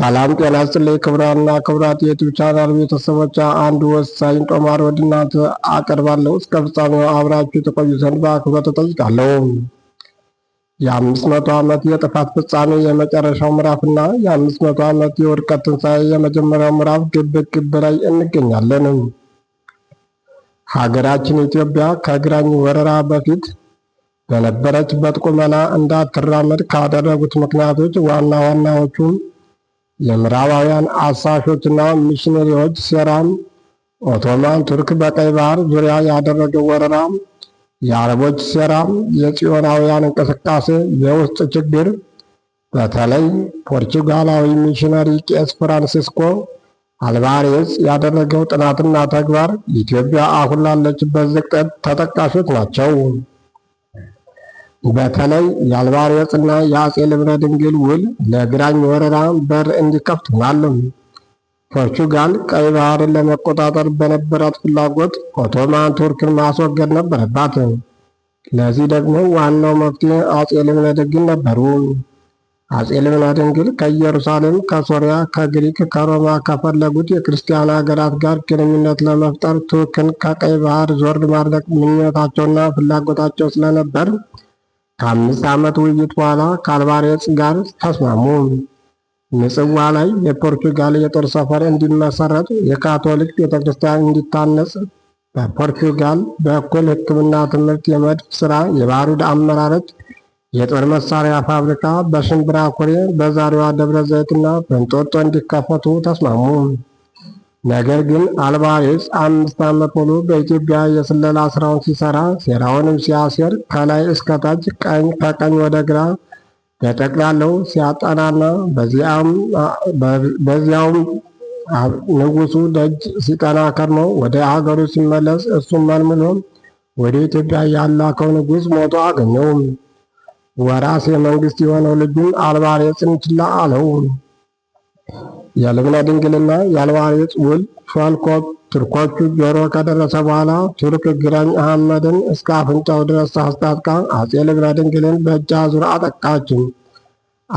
ሰላም ጤና ይስጥልኝ ክብራና ክቡራት የዩቲዩብ ቻናል ቤተሰቦች፣ አንድ ወሳኝ ጦማር ወደ እናንተ አቀርባለሁ። እስከ ፍጻሜው አብራችሁ ተቆዩ ዘንድ በአክብሮት እጠይቃለሁ። የአምስት መቶ ዓመት የጥፋት ፍጻሜ የመጨረሻው ምዕራፍና የአምስት መቶ ዓመት የውድቀት ትንሣኤ የመጀመሪያው ምዕራፍ ግብ ግብ ላይ እንገኛለን። ሀገራችን ኢትዮጵያ ከግራኝ ወረራ በፊት በነበረችበት ቁመና እንዳትራመድ ካደረጉት ምክንያቶች ዋና ዋናዎቹ የምዕራባውያን አሳሾችና ሚሽነሪዎች ሴራም ኦቶማን ቱርክ በቀይ ባህር ዙሪያ ያደረገው ወረራ፣ የአረቦች ሴራም፣ የጽዮናውያን እንቅስቃሴ የውስጥ ችግር በተለይ ፖርቹጋላዊ ሚሽነሪ ቄስ ፍራንሲስኮ አልቫሬዝ ያደረገው ጥናትና ተግባር ኢትዮጵያ አሁን ላለችበት ዝቅጠት ተጠቃሾች ናቸው። በተለይ የአልባርዮስና የአጼ ልብነ ድንግል ውል ለግራኝ ወረራ በር እንዲከፍት ማለም። ፖርቹጋል ቀይ ባህርን ለመቆጣጠር በነበራት ፍላጎት ኦቶማን ቱርክን ማስወገድ ነበረባት። ለዚህ ደግሞ ዋናው መፍትሄ አጼ ልብነ ድንግል ነበሩ። አጼ ልብነ ድንግል ከኢየሩሳሌም፣ ከሶሪያ፣ ከግሪክ፣ ከሮማ ከፈለጉት የክርስቲያን ሀገራት ጋር ግንኙነት ለመፍጠር ቱርክን ከቀይ ባህር ዞር ማድረግ ምኞታቸውና ፍላጎታቸው ስለነበር ከአምስት ዓመት ውይይት በኋላ ከአልቫሬዝ ጋር ተስማሙ። ምጽዋ ላይ የፖርቹጋል የጦር ሰፈር እንዲመሰረት፣ የካቶሊክ ቤተ ክርስቲያን እንዲታነጽ፣ በፖርቹጋል በኩል ሕክምና ትምህርት፣ የመድፍ ሥራ፣ የባሩድ አመራረት፣ የጦር መሳሪያ ፋብሪካ በሽምብራ ኩሬ፣ በዛሬዋ ደብረ ዘይትና በእንጦጦ እንዲከፈቱ ተስማሙ። ነገር ግን አልባሬስ አምስት ዓመት ሙሉ በኢትዮጵያ የስለላ ስራውን ሲሰራ ሴራውንም ሲያሴር ከላይ እስከታች ቀኝ ከቀኝ ወደ ግራ በጠቅላላው ሲያጠናና በዚያውም ንጉሱ ደጅ ሲጠናከር ነው። ወደ ሀገሩ ሲመለስ እሱም መልምሎ ወደ ኢትዮጵያ ያላከው ንጉስ ሞቶ አገኘው። ወራሴ መንግስት የሆነው ልጁን አልባሬስን ችላ አለው። ያለምና ድንግልና ያለዋሪጥ ውል ሸዋልኮፕ ቱርኮቹ ጆሮ ከደረሰ በኋላ ቱርክ ግራኝ አህመድን እስከ አፍንጫው ድረስ አስታጥቃ አጼ ልብነ ድንግልን በእጅ አዙር አጠቃችን።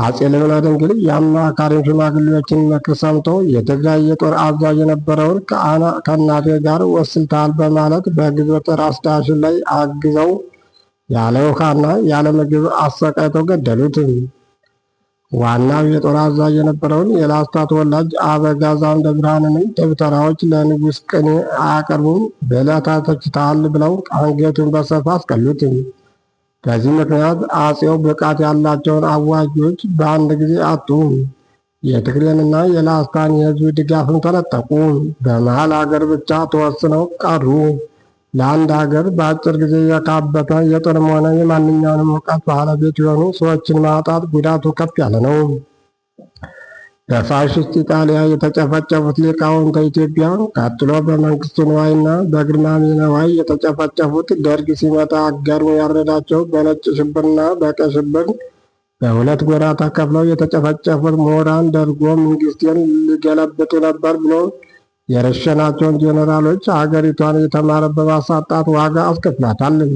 አጼ ልብነ ድንግል የአማካሪን ሽማግሌዎችን ምክር ሰምቶ የትግራይ የጦር አዛዥ የነበረውን ከእናቴ ጋር ወስልታል በማለት በግዞት ራስ ዳሽን ላይ አግዘው ያለ ውሃና ያለ ምግብ አሰቃይተው ገደሉት። ዋናው የጦር አዛዥ የነበረውን የላስታ ተወላጅ አበጋዛን ደብርሃንንም ደብተራዎች ለንጉሥ ቅኔ አያቀርቡም ብለህ ተችተሃል ብለው አንገቱን በሰፍ አስቀሉትም። በዚህ ምክንያት አጼው ብቃት ያላቸውን አዋጆች በአንድ ጊዜ አጡ። የትግሬንና የላስታን የህዝብ ድጋፍም ተነጠቁ። በመሃል አገር ብቻ ተወስነው ቀሩ። ለአንድ ሀገር በአጭር ጊዜ የካበተ የጦርም ሆነ የማንኛውንም እውቀት ባለቤት የሆኑ ሰዎችን ማውጣት ጉዳቱ ከፍ ያለ ነው። በፋሽስት ኢጣሊያ የተጨፈጨፉት ሊቃውንተ ኢትዮጵያ፣ ቀጥሎ በመንግስቱ ንዋይና በግርማሜ ንዋይ የተጨፈጨፉት ደርግ ሲመጣ አጋድሞ ያረዳቸው በነጭ ሽብርና በቀይ ሽብር በሁለት ጎራ ተከፍለው የተጨፈጨፉት ምሁራን ደርጎ መንግስትን ሊገለብጡ ነበር ብሎ የረሸናቸውን ጄኔራሎች አገሪቷን እየተማረ በማሳጣት ዋጋ አስከፍላታለች።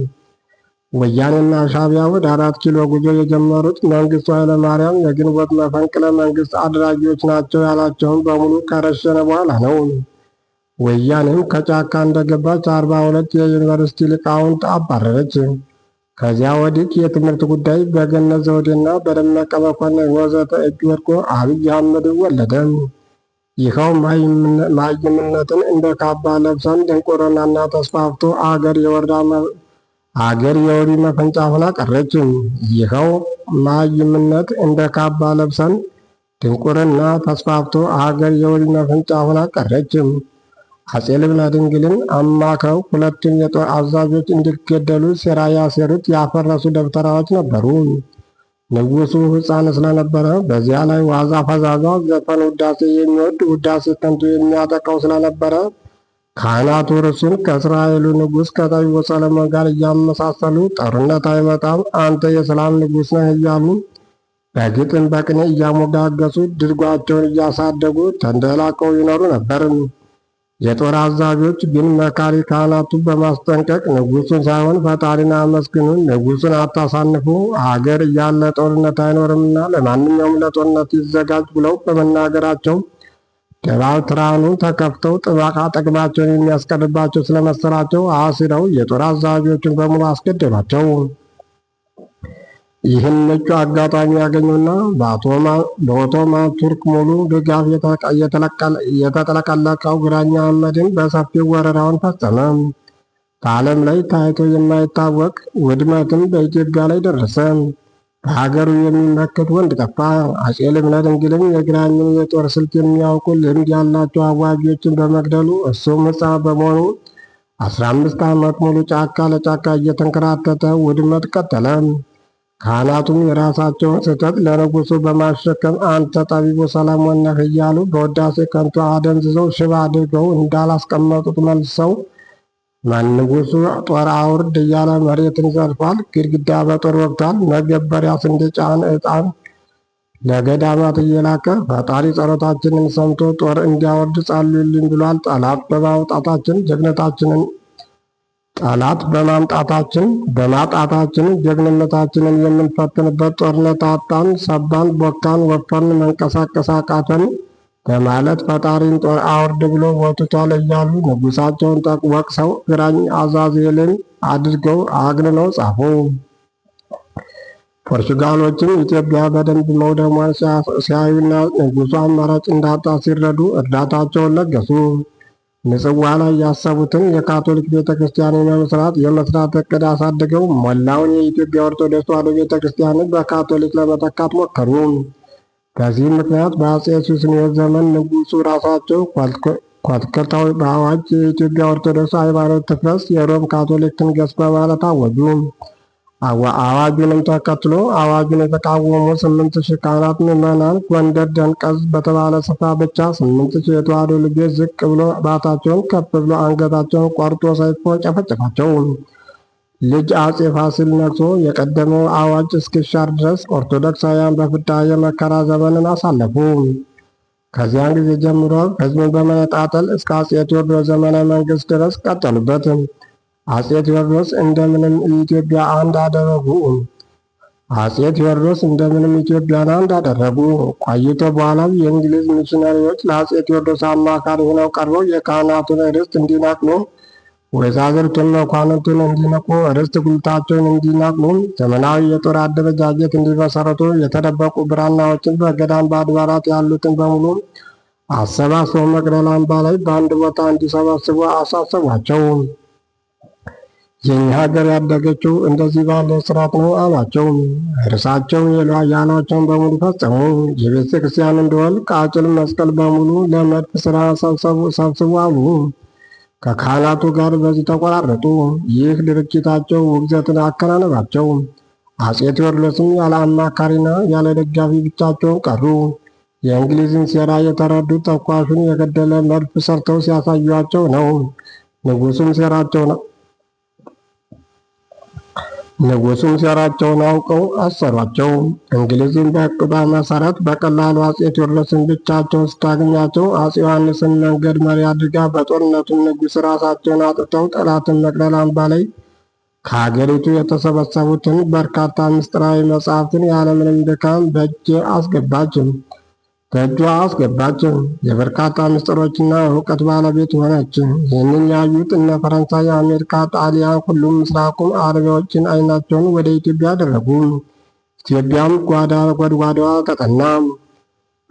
ወያኔና ሻቢያ ወደ አራት ኪሎ ጉዞ የጀመሩት መንግስቱ ኃይለማርያም የግንቦት መፈንቅለ መንግስት አድራጊዎች ናቸው ያላቸውን በሙሉ ከረሸነ በኋላ ነው። ወያኔም ከጫካ እንደገባች አርባ ሁለት የዩኒቨርሲቲ ሊቃውንት አባረረች። ከዚያ ወዲህ የትምህርት ጉዳይ በገነት ዘውዴና በደመቀ መኮንን ወዘተ እጅ ወድቆ አብይ አህመድ ወለደ። ይኸው ማይምነትን እንደ ካባ ለብሰን ድንቁርናና ተስፋፍቶ አገር የወርዳ አገር የወሪ መፈንጫ ሆና ቀረችም። ይኸው ማይምነት እንደ ካባ ለብሰን ድንቁርና ተስፋፍቶ አገር የወሪ መፈንጫ ሆና ቀረችም። አጼ ልብነ ድንግልን አማከው ሁለቱም የጦር አዛዦች እንዲገደሉ ሴራ ያሴሩት ያፈረሱ ደብተራዎች ነበሩ። ንጉሱ ሕፃን ስለነበረ በዚያ ላይ ዋዛ ፈዛዛ ዘፈን ውዳሴ የሚወድ ውዳሴ ከንቱ የሚያጠቃው ስለነበረ ካህናቱ እርሱን ከእስራኤሉ ንጉሥ ከጠቢቡ ሰለሞን ጋር እያመሳሰሉ ጦርነት አይመጣም አንተ የሰላም ንጉሥ ነህ እያሉ በግጥም በቅኔ እያሞጋገሱ ድርጓቸውን እያሳደጉ ተንደላቀው ይኖሩ ነበር። የጦር አዛዦች ግን መካሪ ካህናቱን በማስጠንቀቅ ንጉሱን ሳይሆን ፈጣሪን አመስግኑ፣ ንጉሱን አታሳንፉ፣ ሀገር እያለ ጦርነት አይኖርምና ለማንኛውም ለጦርነት ይዘጋጅ ብለው በመናገራቸው ደባትራኑ ተከፍተው ጥባቅ አጠቅማቸውን የሚያስቀርባቸው ስለመሰላቸው አሲረው የጦር አዛዦችን በሙሉ አስገደሏቸው። ይህን ምቹ አጋጣሚ ያገኙና በኦቶማ ቱርክ ሙሉ ድጋፍ የተጠለቀለቀው ግራኛ አህመድን በሰፊው ወረራውን ፈጸመ። በዓለም ላይ ታይቶ የማይታወቅ ውድመትም በኢትዮጵያ ላይ ደረሰ። በሀገሩ የሚመክት ወንድ ጠፋ። አጼ ልብነ ድንግልም የግራኝን የጦር ስልት የሚያውቁ ልምድ ያላቸው አዋጊዎችን በመግደሉ እሱም ሕፃን በመሆኑ አስራ አምስት ዓመት ሙሉ ጫካ ለጫካ እየተንከራተተ ውድመት ቀጠለም። ካህናቱም የራሳቸውን ስህተት ለንጉሱ በማሸከም አንተ ጠቢቡ ሰለሞን ነህ እያሉ በወዳሴ ከንቱ አደንዝዘው ሽባ አድርገው እንዳላስቀመጡት መልሰው መንጉሱ ጦር አውርድ እያለ መሬትን ዘርፏል፣ ግድግዳ በጦር ወቅቷል። መገበሪያ ስንዴ፣ ጫን፣ ዕጣን ለገዳማት እየላከ ፈጣሪ ጸሎታችንን ሰምቶ ጦር እንዲያወርድ ጸልዩልኝ ብሏል። ጠላት በማውጣታችን ጀግነታችንን ጠላት በማምጣታችን በማጣታችን ጀግንነታችንን የምንፈትንበት ጦርነት አጣን፣ ሰባን፣ ቦካን፣ ወፈን፣ መንቀሳቀስ አቃተን በማለት ፈጣሪን ጦር አውርድ ብሎ ወትቷል እያሉ ንጉሳቸውን ወቅሰው ግራኝ አዛዜልን አድርገው አግንነው ጻፉ። ፖርቹጋሎችም ኢትዮጵያ በደንብ መውደሟን ሲያዩና ንጉሷ አማራጭ እንዳጣ ሲረዱ እርዳታቸውን ለገሱ። ምጽዋ ላይ ያሰቡትን የካቶሊክ ቤተ ክርስቲያን መመስራት የመስራት እቅድ አሳድገው ሞላውን የኢትዮጵያ ኦርቶዶክስ ተዋሕዶ ቤተ ክርስቲያን በካቶሊክ ለመተካት ሞከሩ። በዚህ ምክንያት በአጼ ሱስንዮስ ዘመን ንጉሱ ራሳቸው ኮትክተው በአዋጅ የኢትዮጵያ ኦርቶዶክስ ሃይማኖት ትፍረስ፣ የሮም ካቶሊክ ትንገስ በማለት አወጁ። አዋጁንም ተከትሎ አዋጁን የተቃወሙ ስምንት ሺህ ካህናት ምዕመናን ጎንደር ደንቀዝ በተባለ ስፍራ ብቻ ስምንት ሺህ የተዋሕዶ ልጆች ዝቅ ብሎ ባታቸውን ከፍ ብሎ አንገታቸውን ቆርጦ ሰይፎ ጨፈጨፋቸው። ልጅ አጼ ፋሲል ነግሶ የቀደመው አዋጅ እስኪሻር ድረስ ኦርቶዶክሳውያን በፍዳ የመከራ ዘመንን አሳለፉ። ከዚያን ጊዜ ጀምሮ ህዝቡን በመነጣጠል እስከ አጼ ቴዎድሮስ ዘመነ መንግስት ድረስ ቀጠሉበት። አጼ ቴዎድሮስ እንደምንም ኢትዮጵያ አንድ አደረጉ። አጼ ቴዎድሮስ እንደምንም ኢትዮጵያን አንድ አደረጉ። ቆይቶ በኋላም የእንግሊዝ ሚሽነሪዎች ለአጼ ቴዎድሮስ አማካሪ ሆነው ቀርበው የካህናቱን ርስት እንዲነቅሉ፣ ወይዛዝርቱን መኳንንቱን እንዲነቁ ርስት ጉልታቸውን እንዲነቅሉ፣ ዘመናዊ የጦር አደረጃጀት እንዲመሰረቱ፣ የተደበቁ ብራናዎችን በገዳም በአድባራት ያሉትን በሙሉ አሰባስበው መቅደላ አምባ ላይ በአንድ ቦታ እንዲሰባስቡ አሳሰቧቸው። ይህ ሀገር ያደገችው እንደዚህ ባለ ስርዓት ነው አሏቸው። እርሳቸው የሉያናቸውን በሙሉ ፈጸሙ። የቤተ ክርስቲያን እንደወል ቃጭል መስቀል በሙሉ ለመድፍ ስራ ሰብስቡ አሉ። ከካህናቱ ጋር በዚህ ተቆራረጡ። ይህ ድርጊታቸው ውግዘትን አከናነባቸው። አጼ ቴዎድሮስም ያለ አማካሪና ያለ ደጋፊ ብቻቸውን ቀሩ። የእንግሊዝን ሴራ የተረዱ ተኳሹን የገደለ መድፍ ሰርተው ሲያሳዩቸው ነው። ንጉሱም ሴራቸው ነው። ንጉሱም ሴራቸውን አውቀው አሰሯቸው። እንግሊዝም በዕቅዷ መሰረት በቀላሉ አጼ ቴዎድሮስን ብቻቸው ስታገኛቸው አጼ ዮሐንስን መንገድ መሪ አድርጋ በጦርነቱም ንጉስ ራሳቸውን አጥተው ጠላትን መቅደላ አምባ ላይ ከሀገሪቱ የተሰበሰቡትን በርካታ ምስጢራዊ መጽሐፍትን ያለምንም ድካም በእጅ አስገባች። በእጇ አስገባችን። የበርካታ ምስጢሮችና እውቀት ባለቤት ሆነች። ይህንን ያዩት እነ ፈረንሳይ፣ አሜሪካ፣ ጣሊያን ሁሉም ምስራቁም አረቢያዎችን አይናቸውን ወደ ኢትዮጵያ አደረጉ። ኢትዮጵያም ጓዳ ጎድጓዳዋ ተቀና።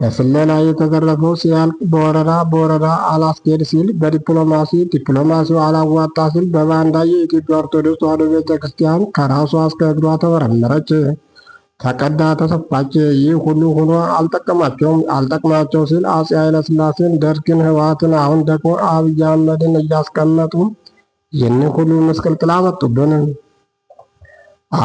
በስለላ የተዘረፈው ሲያልቅ በወረራ በወረራ አላስኬድ ሲል በዲፕሎማሲ ዲፕሎማሲው አላዋጣ ሲል በባንዳ የኢትዮጵያ ኦርቶዶክስ ተዋሕዶ ቤተ ክርስቲያን ከራሷ እስከ እግሯ ተመረመረች። ተቀዳ ተሰፋች። ይህ ሁሉ ሆኖ አልጠቀማቸውም። አልጠቅማቸው ሲል አጼ ኃይለስላሴን፣ ደርግን፣ ህወሓትን አሁን ደግሞ አብይ አህመድን እያስቀመጡ ይህንን ሁሉ ምስቅልቅል አመጡብን።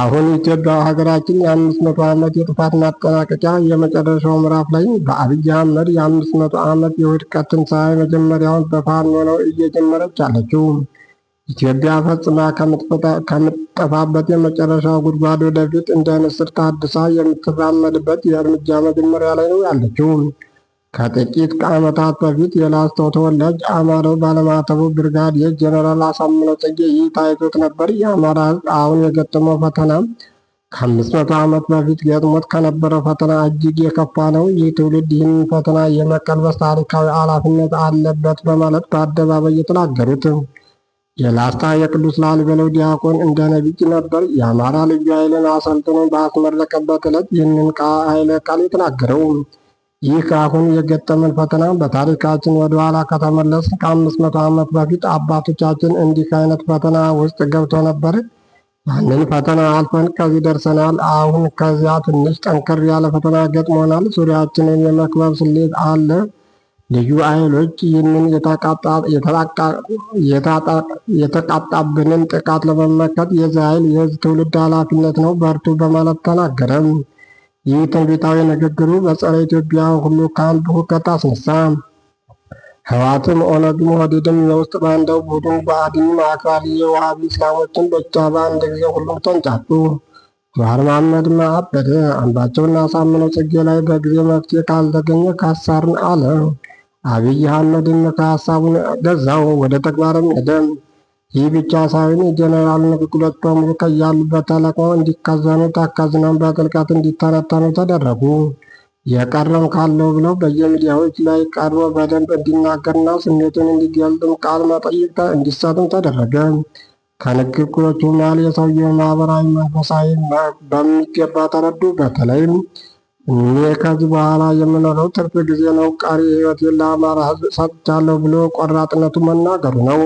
አሁን ኢትዮጵያ ሀገራችን የአምስት መቶ ዓመት የጥፋት ማጠናቀቂያ የመጨረሻው ምዕራፍ ላይ በአብይ አህመድ የአምስት መቶ ዓመት የውድቀት ሳይ መጀመሪያውን በፋኖ ነው እየጀመረች አለችው። ኢትዮጵያ ፈጽማ ከምትጠፋበት የመጨረሻ ጉድጓድ ወደፊት እንደ ንስር ታድሳ የምትራመድበት የእርምጃ መጀመሪያ ላይ ነው ያለችው። ከጥቂት ዓመታት በፊት የላስተው ተወላጅ አማረው ባለማተቡ ብርጋዴር ጄኔራል አሳምነው ጽጌ ይህ ታይቶት ነበር። የአማራ አሁን የገጠመው ፈተና ከአምስት መቶ ዓመት በፊት ገጥሞት ከነበረው ፈተና እጅግ የከፋ ነው። ይህ ትውልድ ይህን ፈተና የመቀልበስ ታሪካዊ ኃላፊነት አለበት በማለት በአደባባይ የተናገሩት የላስታ የቅዱስ ላሊበለው ዲያቆን እንደ ነቢይ ነበር። የአማራ ልዩ ኃይልን አሰልጥኖ ባስመረቀበት ዕለት ይህንን ኃይለ ቃል የተናገረው። ይህ አሁን የገጠመን ፈተና በታሪካችን ወደኋላ ከተመለስ ከአምስት መቶ ዓመት በፊት አባቶቻችን እንዲህ አይነት ፈተና ውስጥ ገብቶ ነበር። ያንን ፈተና አልፈን ከዚህ ደርሰናል። አሁን ከዚያ ትንሽ ጠንከር ያለ ፈተና ገጥሞናል። ዙሪያችንን የመክበብ ስሌት አለ። ልዩ ኃይሎች ይህንን የተቃጣብንን ጥቃት ለመመከት የዚህ ኃይል የህዝብ ትውልድ ኃላፊነት ነው በርቱ በማለት ተናገረም። ይህ ትንቢታዊ ንግግሩ በጸረ ኢትዮጵያ ሁሉ ካምፕ ሁከት አስነሳ። ህወሓትም ኦነግም ኦህዴድም የውስጥ ባንዳው ቡድን ብአዴንም አክራሪ የዋሃቢ እስላሞችን ብቻ በአንድ ጊዜ ሁሉም ተንጫጩ። ጀዋር መሐመድ አበደ። አንባቸውና አሳምነው ጽጌ ላይ በጊዜ መፍትሄ ካልተገኘ ካሳርን አለ። አብይ አህመድን ከሀሳቡን ገዛው ወደ ተግባርም ሄደም። ይህ ብቻ ሳይሆን የጄኔራል ንግግሮች በሙሉ ከያሉበት ተለቅመው እንዲከዘኑ ተከዝነው በጥልቀት እንዲተነተኑ ተደረጉ። የቀረም ካለው ብለው በየሚዲያዎች ላይ ቀርቦ በደንብ እንዲናገርና ስሜቱን እንዲገልጥም ቃል መጠይቅ እንዲሰጥም ተደረገ። ከንግግሮቹ መሃል የሰውየው ማህበራዊ መንፈሳዊ በሚገባ ተረዱ። በተለይም እኔ ከዚህ በኋላ የምኖረው ትርፍ ጊዜ ነው፣ ቀሪ ህይወት ለአማራ ህዝብ ሰጥቻለሁ ብሎ ቆራጥነቱ መናገሩ ነው።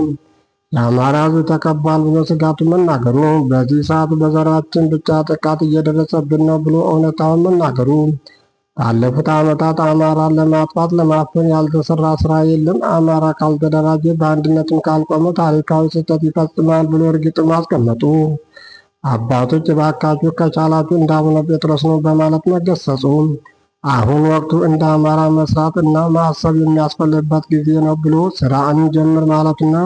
የአማራ ህዝብ ተከቧል ብሎ ስጋቱ መናገሩ፣ በዚህ ሰዓት በዘራችን ብቻ ጥቃት እየደረሰብን ነው ብሎ እውነታውን መናገሩ፣ ባለፉት ዓመታት አማራን ለማጥፋት ለማፈን ያልተሰራ ስራ የለም፣ አማራ ካልተደራጀ በአንድነትም ካልቆመ ታሪካዊ ስህተት ይፈጽማል ብሎ እርግጥም አስቀመጡ። አባቶች እባካችሁ ከቻላችሁ እንደ አቡነ ጴጥሮስ ነው በማለት መገሰጹ አሁን ወቅቱ እንደ አማራ መስራት እና ማሰብ የሚያስፈልግበት ጊዜ ነው ብሎ ስራ እንጀምር ማለቱና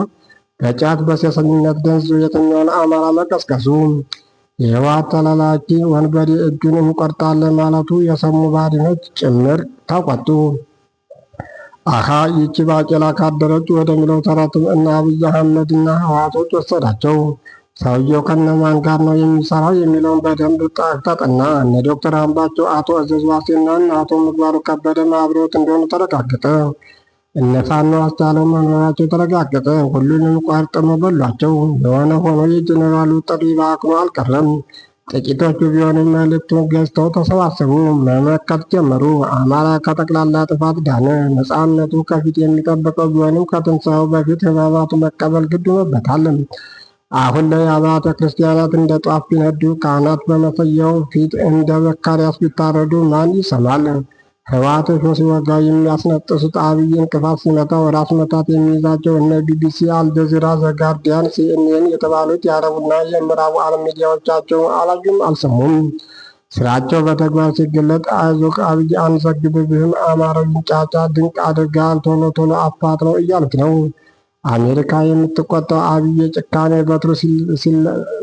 በጫት በሴሰኝነት ደንዝዞ የትኛውን አማራ መቀስቀሱ የህወሓት ተላላኪ ወንበዴ እጁን እንቆርጣለን ማለቱ የሰሙ ባድኖች ጭምር ተቆጡ። አሃ ይቺ ባቄላ ካደረች ወደሚለው ተረትም እና አብይ እና ህወሓቶች ወሰዳቸው። ሰውየው ከነማን ጋር ነው የሚሰራው የሚለውን በደንብ ተጠና። እነ ዶክተር አምባቸው፣ አቶ እዘዝ ዋሴና አቶ ምግባሩ ከበደም አብረውት እንደሆኑ ተረጋገጠ። እነ ፋኖ አስቻለው መኖራቸው ተረጋገጠ። ሁሉንም ቋርጥመው በሏቸው። የሆነ ሆኖ የጀኔራሉ ጥሪ በአክኖ አልቀረም። ጥቂቶቹ ቢሆንም መልእክቱ ገዝተው ተሰባሰቡ፣ መመከት ጀመሩ። አማራ ከጠቅላላ ጥፋት ዳነ። ነፃነቱ ከፊት የሚጠበቀው ቢሆንም ከትንሣኤው በፊት ህማማቱ መቀበል ግድ ሆኖበታል። አሁን ላይ አብያተ ክርስቲያናት እንደ ጧፍ ቢነዱ፣ ካህናት በመሰየው ፊት እንደ ዘካርያስ ቢታረዱ ማን ይሰማል? ህወሓቶች ሲወጋ የሚያስነጥሱት አብይ እንቅፋት ሲመታው ራስ መታት የሚይዛቸው እነ ቢቢሲ፣ አልጀዚራ፣ ዘጋርዲያን፣ ሲኤንኤን የተባሉት የአረቡና የምዕራቡ ዓለም ሚዲያዎቻቸው አላዩም አልሰሙም። ስራቸው በተግባር ሲገለጥ አይዞህ አብይ አንዘግብብህም፣ አማራውን ጫጫ ድንቅ አድርጋል፣ ቶሎ ቶሎ ነው እያሉት ነው። አሜሪካ የምትቆጣው አብይ ጭካኔ በትሩ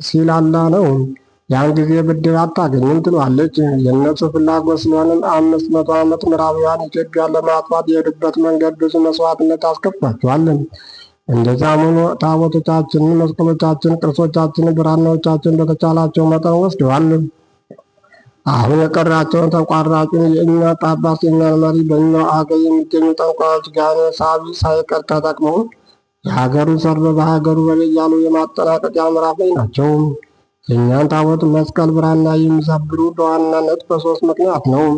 ሲላላ ነው። ያን ጊዜ ብድር አታገኝም ትሏለች። የእነሱ ፍላጎት ስለሆነም አምስት መቶ ዓመት ምዕራባውያን ኢትዮጵያን ለማጥፋት የሄዱበት መንገድ ብዙ መስዋዕትነት አስከፍሏቸዋል። እንደዛም ሆኖ ታቦቶቻችን፣ መስቀሎቻችን፣ ቅርሶቻችን፣ ብራናዎቻችን በተቻላቸው መጠን ወስደዋል። አሁን የቀራቸውን ተቋራጩን የእኛ ጳጳስ የእኛን መሪ በእኛው አገር የሚገኙ ጠንቋዮች ጋር ሳቢ ሳይቀር ተጠቅመው የሀገሩ ሰርበ በሀገሩ በል ያሉ የማጠናቀቂያ ምዕራፍ ላይ ናቸው። የእኛን ታቦት መስቀል ብራና የሚሰብሩ በዋናነት በሶስት ምክንያት ነው።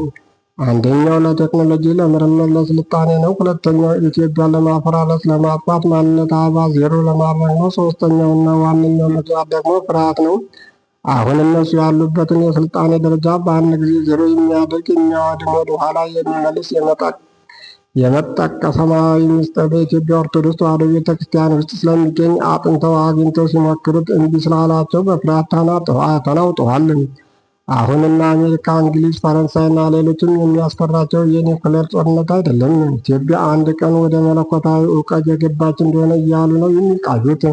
አንደኛው ለቴክኖሎጂ ለምርምር ለስልጣኔ ነው። ሁለተኛው ኢትዮጵያ ለማፈራረስ ለማጥፋት ማንነት አባ ዜሮ ለማድረግ ነው። ሶስተኛውና ዋነኛው ምክንያት ደግሞ ፍርሃት ነው። አሁን እነሱ ያሉበትን የስልጣኔ ደረጃ በአንድ ጊዜ ዜሮ የሚያደርግ የሚያወድም ኋላ የሚመልስ የመጣ የመጠቀ ሰማያዊ ምስጢር በኢትዮጵያ ኦርቶዶክስ ተዋሕዶ ቤተ ክርስቲያን ውስጥ ስለሚገኝ አጥንተው አግኝተው ሲሞክሩት እምቢ ስላላቸው በፍራቻና ተናውጠዋል። አሁንና አሜሪካ፣ እንግሊዝ፣ ፈረንሳይና ሌሎችም የሚያስፈራቸው የኒውክሌር ጦርነት አይደለም፣ ኢትዮጵያ አንድ ቀን ወደ መለኮታዊ እውቀት የገባች እንደሆነ እያሉ ነው የሚቃዩት።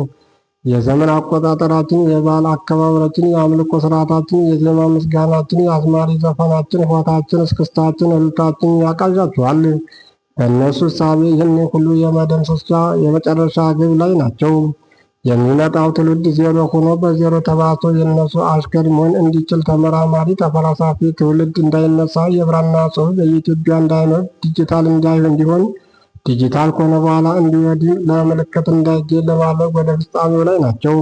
የዘመን አቆጣጠራችን፣ የባህል አከባበራችን፣ የአምልኮ ስርዓታችን፣ የዜማ ምስጋናችን፣ የአዝማሪ ዘፈናችን፣ ሆታችን፣ እስክስታችን፣ እልልታችን ያቃዣችኋል። እነሱ ሳቢ ይህን ሁሉ የመደምሰሻ የመጨረሻ ግብ ላይ ናቸው። የሚመጣው ትውልድ ዜሮ ሆኖ በዜሮ ተባቶ የእነሱ አሽከር መሆን እንዲችል ተመራማሪ ተፈላሳፊ ትውልድ እንዳይነሳ የብራና ጽሑፍ በኢትዮጵያ እንዳይኖር ዲጂታል እንዲሆን ዲጂታል ከሆነ በኋላ እንዲወድም ለምልክት እንዳይገኝ ለማድረግ ወደ ፍጻሜው ላይ ናቸው።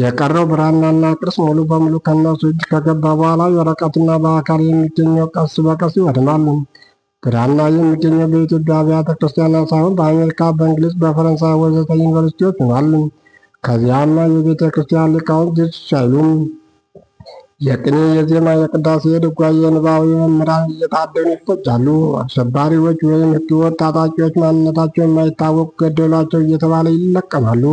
የቀረው ብራናና ቅርስ ሙሉ በሙሉ ከእነሱ እጅ ከገባ በኋላ የወረቀትና በአካል የሚገኘው ቀስ በቀስ ይወድማል። ግራና የሚገኘው በኢትዮጵያ አብያተ ክርስቲያናት ሳይሆን በአሜሪካ፣ በእንግሊዝ፣ በፈረንሳይ ወዘተ ዩኒቨርሲቲዎች ሆኗል። ከዚያም የቤተ ክርስቲያን ሊቃውንት ሲሻይሉም የቅኔ፣ የዜማ፣ የቅዳሴ፣ የድጓ፣ የንባብ መምህራን እየታደኑ ይቆጫሉ። አሸባሪዎች ወይም ሕገወጥ ታጣቂዎች ማንነታቸው የማይታወቁ ገደሏቸው እየተባለ ይለቀማሉ።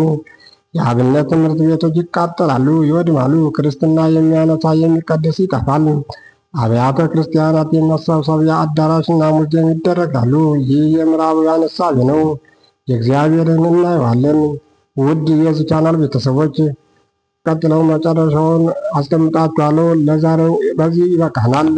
የአብነት ትምህርት ቤቶች ይቃጠላሉ፣ ይወድማሉ። ክርስትና የሚያነሳ የሚቀደስ ይጠፋል። አብያተ ክርስቲያናት የመሰብሰቢያ አዳራሽና ሙዚየም ይደረጋሉ። ይህ የምዕራባውያን እሳቤ ነው። የእግዚአብሔርን እናየዋለን። ውድ የዚህ ቻናል ቤተሰቦች ቀጥለው መጨረሻውን አስቀምጣችኋለሁ። ለዛሬው በዚህ ይበቃናል።